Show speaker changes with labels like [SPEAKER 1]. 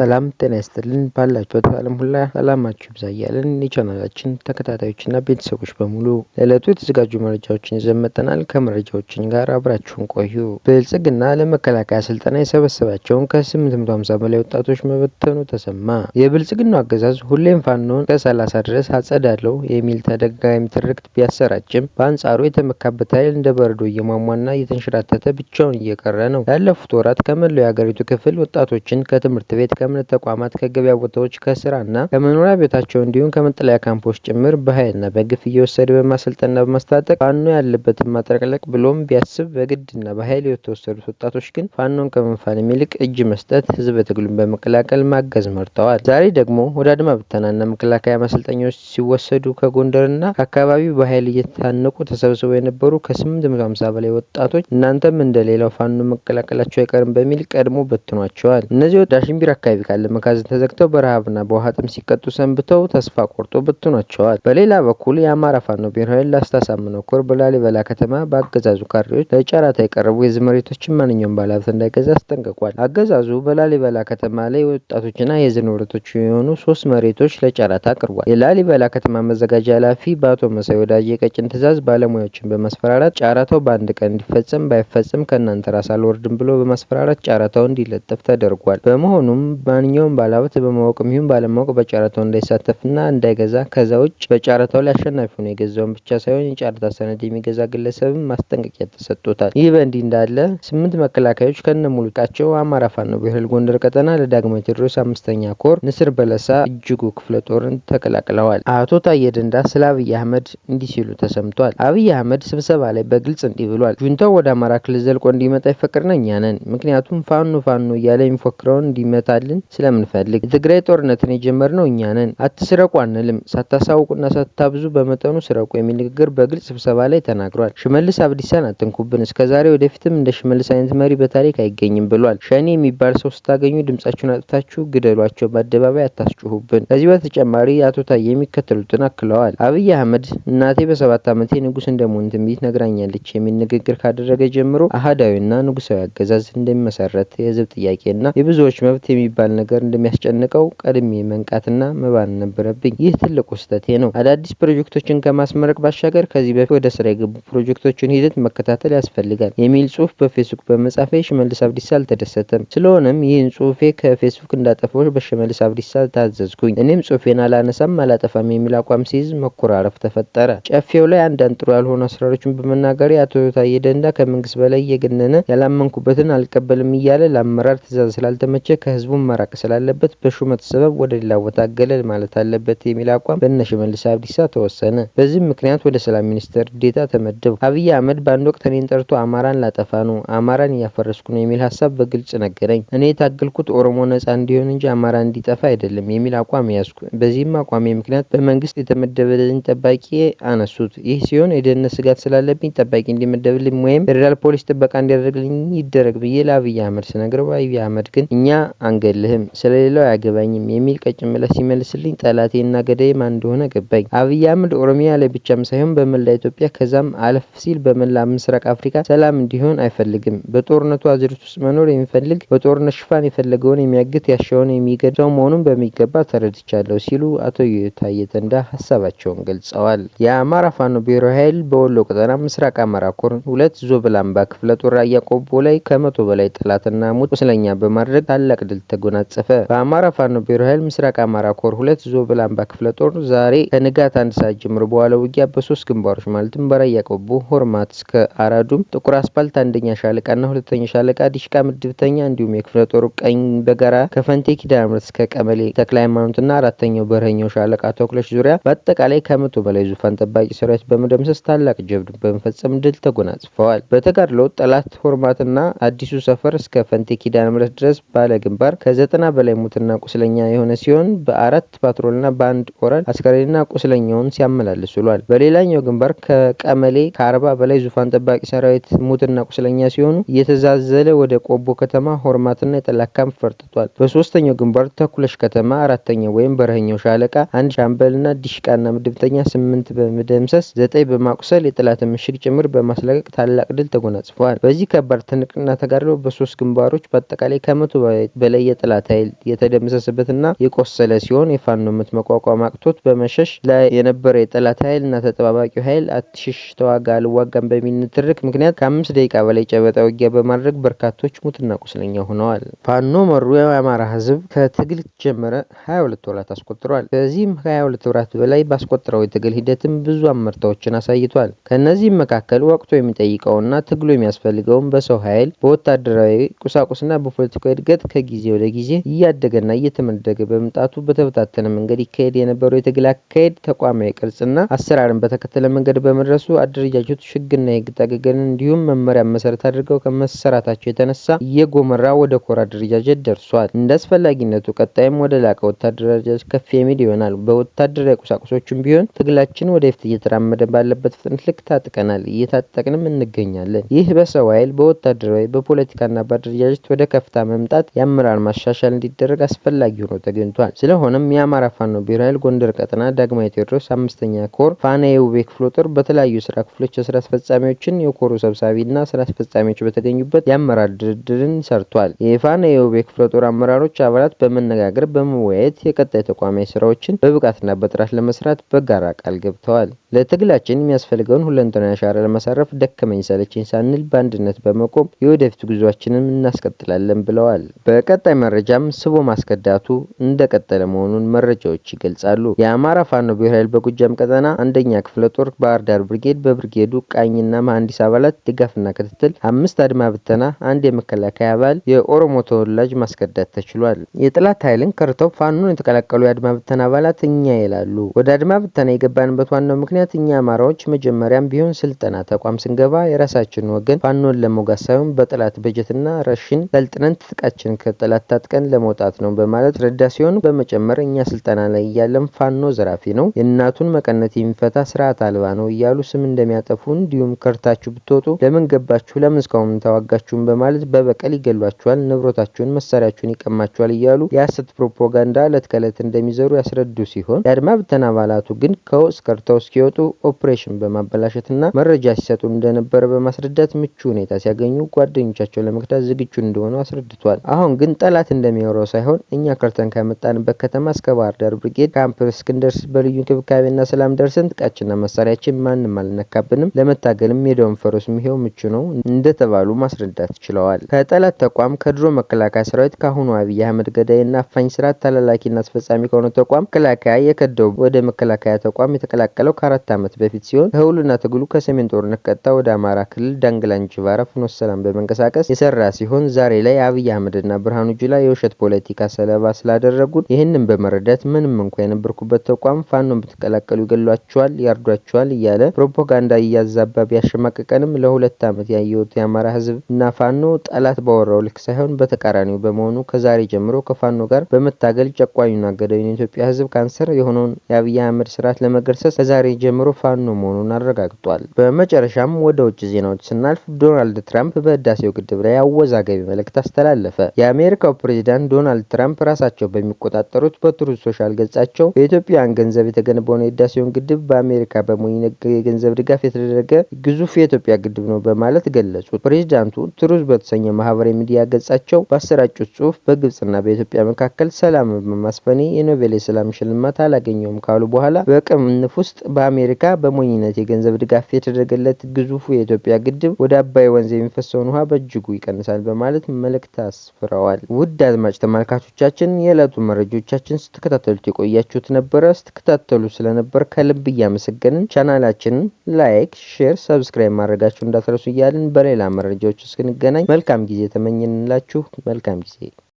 [SPEAKER 1] ሰላም ጤና ይስጥልን ባላችሁበት ዓለም ሁላ ሰላማችሁ ይብዛ እያለን የቻናላችን ተከታታዮችና ቤተሰቦች በሙሉ ለዕለቱ የተዘጋጁ መረጃዎችን ይዘን መጥተናል። ከመረጃዎችን ጋር አብራችሁን ቆዩ። ብልጽግና ለመከላከያ ስልጠና የሰበሰባቸውን ከ850 በላይ ወጣቶች መበተኑ ተሰማ። የብልጽግናው አገዛዝ ሁሌም ፋኖን ከ30 ድረስ አጸዳለው የሚል ተደጋጋሚ ትርክት ቢያሰራጭም በአንጻሩ የተመካበት ኃይል እንደ በረዶ እየሟሟና እየተንሸራተተ ብቻውን እየቀረ ነው። ያለፉት ወራት ከመላው የአገሪቱ ክፍል ወጣቶችን ከትምህርት ቤት ከእምነት ተቋማት፣ ከገበያ ቦታዎች፣ ከስራ እና ከመኖሪያ ቤታቸው እንዲሁም ከመጠለያ ካምፖች ጭምር በኃይልና በግፍ እየወሰደ በማሰልጠንና በማስታጠቅ ፋኖ ያለበትን ማጥለቅለቅ ብሎም ቢያስብ በግድና በኃይል የተወሰዱት ወጣቶች ግን ፋኖን ከመንፋን የሚልቅ እጅ መስጠት፣ ህዝበ ትግሉን በመቀላቀል ማገዝ መርጠዋል። ዛሬ ደግሞ ወደ አድማ ብተናና መከላከያ ማሰልጠኛዎች ሲወሰዱ ከጎንደርና ከአካባቢው በኃይል እየታነቁ ተሰብስበው የነበሩ ከ850 በላይ ወጣቶች እናንተም እንደሌላው ፋኖ መቀላቀላቸው አይቀርም በሚል ቀድሞ በትኗቸዋል። እነዚህ ዳሽንቢር አካባቢ ያደርጋል። መጋዘን ተዘግተው በረሃብና በውሃ ጥም ሲቀጡ ሰንብተው ተስፋ ቆርጦ በትኗቸዋል። በሌላ በኩል የአማራ ፋኖ ብሔራዊ ላስታ ሳምነው ኮር በላሊበላ ከተማ በአገዛዙ ካድሬዎች ለጨረታ የቀረቡ የህዝብ መሬቶችን ማንኛውም ባለሀብት እንዳይገዛ አስጠንቅቋል። አገዛዙ በላሊበላ ከተማ ላይ ወጣቶችና የህዝብ ንብረቶች የሆኑ ሶስት መሬቶች ለጨረታ አቅርቧል። የላሊበላ ከተማ መዘጋጃ ኃላፊ በአቶ መሳይ ወዳጅ የቀጭን ትእዛዝ ባለሙያዎችን በማስፈራራት ጨረታው በአንድ ቀን እንዲፈጸም ባይፈጸም ከእናንተ ራስ አልወርድም ብሎ በማስፈራራት ጨረታው እንዲለጠፍ ተደርጓል። በመሆኑም ማንኛውም ባለሀብት በማወቅም ይሁን ባለማወቅ በጨረታው እንዳይሳተፍና እንዳይገዛ ከዛ ውጭ በጨረታው ላይ አሸናፊ ሆኖ የገዛውን ብቻ ሳይሆን የጨረታ ሰነድ የሚገዛ ግለሰብም ማስጠንቀቂያ ተሰጥቶታል። ይህ በእንዲህ እንዳለ ስምንት መከላከያዎች ከነ ሙልቃቸው አማራ ፋኖ ብሔራዊ ጎንደር ቀጠና ለዳግማዊ ቴዎድሮስ አምስተኛ ኮር ንስር በለሳ እጅጉ ክፍለ ጦርን ተቀላቅለዋል። አቶ ታዬ ደንዳ ስለ አብይ አህመድ እንዲህ ሲሉ ተሰምቷል። አብይ አህመድ ስብሰባ ላይ በግልጽ እንዲህ ብሏል። ጁንታው ወደ አማራ ክልል ዘልቆ እንዲመጣ ይፈቅድ ነኛ ነን። ምክንያቱም ፋኖ ፋኖ እያለ የሚፎክረውን እንዲመታልን እንዲሆን ስለምንፈልግ የትግራይ ጦርነትን የጀመርነው እኛ ነን፣ አትስረቁ አንልም። ሳታሳውቁና ሳታብዙ በመጠኑ ስረቁ የሚል ንግግር በግልጽ ስብሰባ ላይ ተናግሯል። ሽመልስ አብዲሳን አትንኩብን፣ እስከዛሬ ወደፊትም እንደ ሽመልስ አይነት መሪ በታሪክ አይገኝም ብሏል። ሸኔ የሚባል ሰው ስታገኙ ድምጻችሁን አጥታችሁ ግደሏቸው፣ በአደባባይ አታስጩሁብን። ከዚህ በተጨማሪ አቶ ታዬ የሚከተሉትን አክለዋል። አብይ አህመድ እናቴ በሰባት ዓመቴ ንጉስ እንደመሆን ትንቢት ነግራኛለች የሚል ንግግር ካደረገ ጀምሮ አህዳዊና ንጉሳዊ አገዛዝ እንደሚመሰረት የህዝብ ጥያቄና የብዙዎች መብት የሚባል የሚባል ነገር እንደሚያስጨንቀው ቀድሜ መንቃትና መባን ነበረብኝ። ይህ ትልቁ ስህተቴ ነው። አዳዲስ ፕሮጀክቶችን ከማስመረቅ ባሻገር ከዚህ በፊት ወደ ስራ የገቡ ፕሮጀክቶችን ሂደት መከታተል ያስፈልጋል የሚል ጽሁፍ በፌስቡክ በመጻፌ ሽመልስ አብዲሳ አልተደሰተም። ስለሆነም ይህን ጽሁፌ ከፌስቡክ እንዳጠፋዎች በሽመልስ አብዲሳ ታዘዝኩኝ። እኔም ጽሁፌን አላነሳም አላጠፋም የሚል አቋም ሲይዝ መኮራረፍ ተፈጠረ። ጨፌው ላይ አንዳንድ ጥሩ ያልሆኑ አሰራሮችን በመናገር አቶ ታዬ ደንዳ ከመንግስት በላይ እየገነነ ያላመንኩበትን አልቀበልም እያለ ለአመራር ትእዛዝ ስላልተመቸ ከህዝቡ መመራቅ ስላለበት በሹመት ሰበብ ወደ ሌላ ቦታ ገለል ማለት አለበት የሚል አቋም በእነ ሽመልስ አብዲሳ ተወሰነ። በዚህም ምክንያት ወደ ሰላም ሚኒስቴር ዴታ ተመደቡ። አብይ አህመድ በአንድ ወቅት እኔን ጠርቶ አማራን ላጠፋ ነው፣ አማራን እያፈረስኩ ነው የሚል ሀሳብ በግልጽ ነገረኝ። እኔ የታገልኩት ኦሮሞ ነጻ እንዲሆን እንጂ አማራ እንዲጠፋ አይደለም የሚል አቋም ያዝኩ። በዚህም አቋሜ ምክንያት በመንግስት የተመደበልኝ ጠባቂ አነሱት። ይህ ሲሆን የደህንነት ስጋት ስላለብኝ ጠባቂ እንዲመደብልኝ ወይም ፌዴራል ፖሊስ ጥበቃ እንዲያደርግልኝ ይደረግ ብዬ ለአብይ አህመድ ስነግረው አብይ አህመድ ግን እኛ አንገል አይደለህም፣ ስለሌላው አያገባኝም የሚል ቀጭን ምላሽ ሲመልስልኝ ጠላቴና ገዳይም እንደሆነ ገባኝ። አብይ አህመድ ኦሮሚያ ላይ ብቻም ሳይሆን በመላ ኢትዮጵያ ከዛም አለፍ ሲል በመላ ምስራቅ አፍሪካ ሰላም እንዲሆን አይፈልግም። በጦርነቱ አዙሪት ውስጥ መኖር የሚፈልግ በጦርነት ሽፋን የፈለገውን የሚያግት ያሻውን የሚገድ ሰው መሆኑን በሚገባ ተረድቻለሁ ሲሉ አቶ ታዬ ደንዳ ሀሳባቸውን ገልጸዋል። የአማራ ፋኖ ብሔራዊ ኃይል በወሎ ቀጠና ምስራቅ አማራ ኮር ሁለት ዞብላምባ ክፍለ ጦር ራያ ቆቦ ላይ ከመቶ በላይ ጠላትና ሙት ቁስለኛ በማድረግ ታላቅ ድል ተጎ ተጎናጸፈ። በአማራ ፋኖ ብሔራዊ ኃይል ምስራቅ አማራ ኮር ሁለት ዞብል አምባ ክፍለ ጦር ዛሬ ከንጋት አንድ ሰዓት ጀምሮ በኋላ ውጊያ በሶስት ግንባሮች ማለትም በራያ ቆቦ፣ ሆርማት እስከ አራዱም፣ ጥቁር አስፓልት አንደኛ ሻለቃና ሁለተኛ ሻለቃ ዲሽቃ ምድብተኛ እንዲሁም የክፍለ ጦሩ ቀኝ በጋራ ከፈንቴ ኪዳነ ምሕረት እስከ ቀበሌ ተክለ ሃይማኖትና አራተኛው በረኛው ሻለቃ ተኩለች ዙሪያ በአጠቃላይ ከመቶ በላይ ዙፋን ጠባቂ ሰራዊት በመደምሰስ ታላቅ ጀብዱ በመፈጸም ድል ተጎናጽፈዋል። በተጋድሎ ጠላት ሆርማትና አዲሱ ሰፈር እስከ ፈንቴ ኪዳነ ድረስ ባለ ግንባር ከ ከዘጠና በላይ ሙትና ቁስለኛ የሆነ ሲሆን በአራት ፓትሮልና በአንድ ኦራል አስከሬንና ቁስለኛውን ሲያመላልስ ውሏል። በሌላኛው ግንባር ከቀመሌ ከአርባ በላይ ዙፋን ጠባቂ ሰራዊት ሙትና ቁስለኛ ሲሆኑ እየተዛዘለ ወደ ቆቦ ከተማ ሆርማትና የጠላ ካምፕ ፈርጥቷል። በሶስተኛው ግንባር ተኩለሽ ከተማ አራተኛው ወይም በረኛው ሻለቃ አንድ ሻምበልና ዲሽቃና ምድብተኛ ስምንት በመደምሰስ ዘጠኝ በማቁሰል የጠላትን ምሽግ ጭምር በማስለቀቅ ታላቅ ድል ተጎናጽፏል። በዚህ ከባድ ትንቅና ተጋድሎ በሶስት ግንባሮች በአጠቃላይ ከመቶ በላይ የጠላት ኃይል የተደመሰሰበትና የቆሰለ ሲሆን የፋኖ ምት መቋቋም አቅቶት በመሸሽ ላይ የነበረ የጠላት ኃይልና ተጠባባቂው ኃይል አትሽሽ ተዋጋ አልዋጋም በሚል ንትርክ ምክንያት ከአምስት ደቂቃ በላይ ጨበጣ ውጊያ በማድረግ በርካቶች ሙትና ቁስለኛ ሆነዋል። ፋኖ መሩ የአማራ ህዝብ ከትግል ጀመረ 22 ወራት አስቆጥሯል። ከዚህም 22 ወራት በላይ ባስቆጠረው የትግል ሂደትም ብዙ አመርታዎችን አሳይቷል። ከእነዚህም መካከል ወቅቱ የሚጠይቀውና ትግሉ የሚያስፈልገውን በሰው ኃይል፣ በወታደራዊ ቁሳቁስና በፖለቲካዊ እድገት ከጊዜ ወደ ጊዜ እያደገና እየተመደገ በመምጣቱ በተበታተነ መንገድ ይካሄድ የነበረው የትግል አካሄድ ተቋማዊ ቅርጽና አሰራርን በተከተለ መንገድ በመድረሱ አደረጃጀቱ ሽግና የግጥ አገገልን እንዲሁም መመሪያ መሰረት አድርገው ከመሰራታቸው የተነሳ እየጎመራ ወደ ኮር አደረጃጀት ደርሷል። እንደ አስፈላጊነቱ ቀጣይም ወደ ላቀ ወታደር አደረጃጀት ከፍ የሚል ይሆናል። በወታደራዊ ቁሳቁሶችም ቢሆን ትግላችን ወደፊት እየተራመደ ባለበት ፍጥነት ልክ ታጥቀናል፣ እየታጠቅንም እንገኛለን። ይህ በሰው ኃይል፣ በወታደራዊ፣ በፖለቲካና በአደረጃጀት ወደ ከፍታ መምጣት የአመራር ማሻ መሻሻል እንዲደረግ አስፈላጊ ሆኖ ተገኝቷል። ስለሆነም የአማራ ፋኖ ብሔራዊ ኃይል ጎንደር ቀጠና ዳግማዊ ቴዎድሮስ አምስተኛ ኮር ፋና የውቤ ክፍለ ጦር በተለያዩ ስራ ክፍሎች የስራ አስፈጻሚዎችን የኮሩ ሰብሳቢና ስራ አስፈጻሚዎች በተገኙበት የአመራር ድርድርን ሰርቷል። የፋና የውቤ ክፍለ ጦር አመራሮች አባላት በመነጋገር በመወያየት የቀጣይ ተቋማዊ ስራዎችን በብቃትና በጥራት ለመስራት በጋራ ቃል ገብተዋል። ለትግላችን የሚያስፈልገውን ሁለንተናዊ አሻራ ለማሳረፍ ደከመኝ ሰለችኝ ሳንል በአንድነት በመቆም የወደፊት ጉዟችንም እናስቀጥላለን ብለዋል። በቀጣይ መረጃ መረጃም ስቦ ማስከዳቱ እንደቀጠለ መሆኑን መረጃዎች ይገልጻሉ። የአማራ ፋኖ ብሔር ኃይል በጎጃም ቀጠና አንደኛ ክፍለ ጦር ባህር ዳር ብርጌድ በብርጌዱ ቃኝና መሐንዲስ አባላት ድጋፍና ክትትል አምስት አድማ ብተና፣ አንድ የመከላከያ አባል የኦሮሞ ተወላጅ ማስከዳት ተችሏል። የጠላት ኃይልን ከርተው ፋኖን የተቀላቀሉ የአድማ ብተና አባላት እኛ ይላሉ። ወደ አድማ ብተና የገባንበት ዋናው ምክንያት እኛ አማራዎች መጀመሪያም ቢሆን ስልጠና ተቋም ስንገባ የራሳችን ወገን ፋኖን ለመውጋት ሳይሆን በጠላት በጀትና ረሽን ሰልጥነን ትጥቃችን ከጠላት በሰዓት ቀን ለመውጣት ነው በማለት ረዳ ሲሆን በመጨመር እኛ ስልጠና ላይ እያለን ፋኖ ዘራፊ ነው፣ የእናቱን መቀነት የሚፈታ ስርዓት አልባ ነው እያሉ ስም እንደሚያጠፉ እንዲሁም ከርታችሁ ብትወጡ ለምን ገባችሁ፣ ለምን እስካሁን ተዋጋችሁን በማለት በበቀል ይገሏችኋል፣ ንብረታችሁን፣ መሳሪያችሁን ይቀማችኋል እያሉ የሀሰት ፕሮፓጋንዳ እለት ከእለት እንደሚዘሩ ያስረዱ ሲሆን የአድማ ብተና አባላቱ ግን ከውስጥ ከርተው እስኪወጡ ኦፕሬሽን በማበላሸትና መረጃ ሲሰጡ እንደነበረ በማስረዳት ምቹ ሁኔታ ሲያገኙ ጓደኞቻቸው ለመክዳት ዝግጁ እንደሆኑ አስረድቷል። አሁን ግን ጠላት ሰዓት እንደሚኖረው ሳይሆን እኛ ከርተን ከመጣንበት ከተማ እስከ ባህር ዳር ብርጌድ ካምፕ እስክንደርስ በልዩ እንክብካቤና ሰላም ደርሰን ጥቃችንና መሳሪያችን ማንም አልነካብንም። ለመታገልም ሜዳውን ፈረሱ ሚሄው ምቹ ነው እንደተባሉ ማስረዳት ችለዋል። ከጠላት ተቋም ከድሮ መከላከያ ሰራዊት ከአሁኑ አብይ አህመድ ገዳይና አፋኝ ስርዓት ተላላኪና አስፈጻሚ ከሆነ ተቋም መከላከያ የከደው ወደ መከላከያ ተቋም የተቀላቀለው ከአራት ዓመት በፊት ሲሆን ከህውልና ትግሉ ከሰሜን ጦርነት ቀጥታ ወደ አማራ ክልል ዳንግላንጅባራ ፍኖተ ሰላም በመንቀሳቀስ የሰራ ሲሆን ዛሬ ላይ አብይ አህመድና ብርሃኑ ጁላ የውሸት ፖለቲካ ሰለባ ስላደረጉን ይህንን በመረዳት ምንም እንኳ የነበርኩበት ተቋም ፋኖን ብትቀላቀሉ ይገሏቸዋል፣ ያርዷቸዋል እያለ ፕሮፓጋንዳ እያዛባ ያሸማቀቀንም ለሁለት ዓመት ያየሁት የአማራ ህዝብ እና ፋኖ ጠላት ባወራው ልክ ሳይሆን በተቃራኒው በመሆኑ ከዛሬ ጀምሮ ከፋኖ ጋር በመታገል ጨቋኙና ገዳዩን የኢትዮጵያ ህዝብ ካንሰር የሆነውን የአብይ አህመድ ስርዓት ለመገርሰስ ከዛሬ ጀምሮ ፋኖ መሆኑን አረጋግጧል። በመጨረሻም ወደ ውጭ ዜናዎች ስናልፍ ዶናልድ ትራምፕ በህዳሴው ግድብ ላይ አወዛጋቢ መልእክት አስተላለፈ። የአሜሪካው ፕሬዚዳንት ዶናልድ ትራምፕ ራሳቸው በሚቆጣጠሩት በትሩዝ ሶሻል ገጻቸው በኢትዮጵያውያን ገንዘብ የተገነባውን የህዳሴውን ግድብ በአሜሪካ በሞኝነት የገንዘብ ድጋፍ የተደረገ ግዙፍ የኢትዮጵያ ግድብ ነው በማለት ገለጹ። ፕሬዚዳንቱ ትሩዝ በተሰኘ ማህበራዊ ሚዲያ ገጻቸው ባሰራጩት ጽሁፍ በግብጽና በኢትዮጵያ መካከል ሰላም በማስፈኔ የኖቤል የሰላም ሽልማት አላገኘውም ካሉ በኋላ በቅንፍ ውስጥ በአሜሪካ በሞኝነት የገንዘብ ድጋፍ የተደረገለት ግዙፉ የኢትዮጵያ ግድብ ወደ አባይ ወንዝ የሚፈሰውን ውሃ በእጅጉ ይቀንሳል በማለት መልእክት አስፍረዋል። ውድ ውድ አድማጭ ተመልካቾቻችን የዕለቱ መረጃዎቻችን ስትከታተሉት የቆያችሁት ነበረ። ስትከታተሉ ስለነበር ከልብ እያመሰገንን ቻናላችንን ላይክ፣ ሼር፣ ሰብስክራይብ ማድረጋችሁ እንዳትረሱ እያልን በሌላ መረጃዎች እስክንገናኝ መልካም ጊዜ ተመኝንላችሁ። መልካም ጊዜ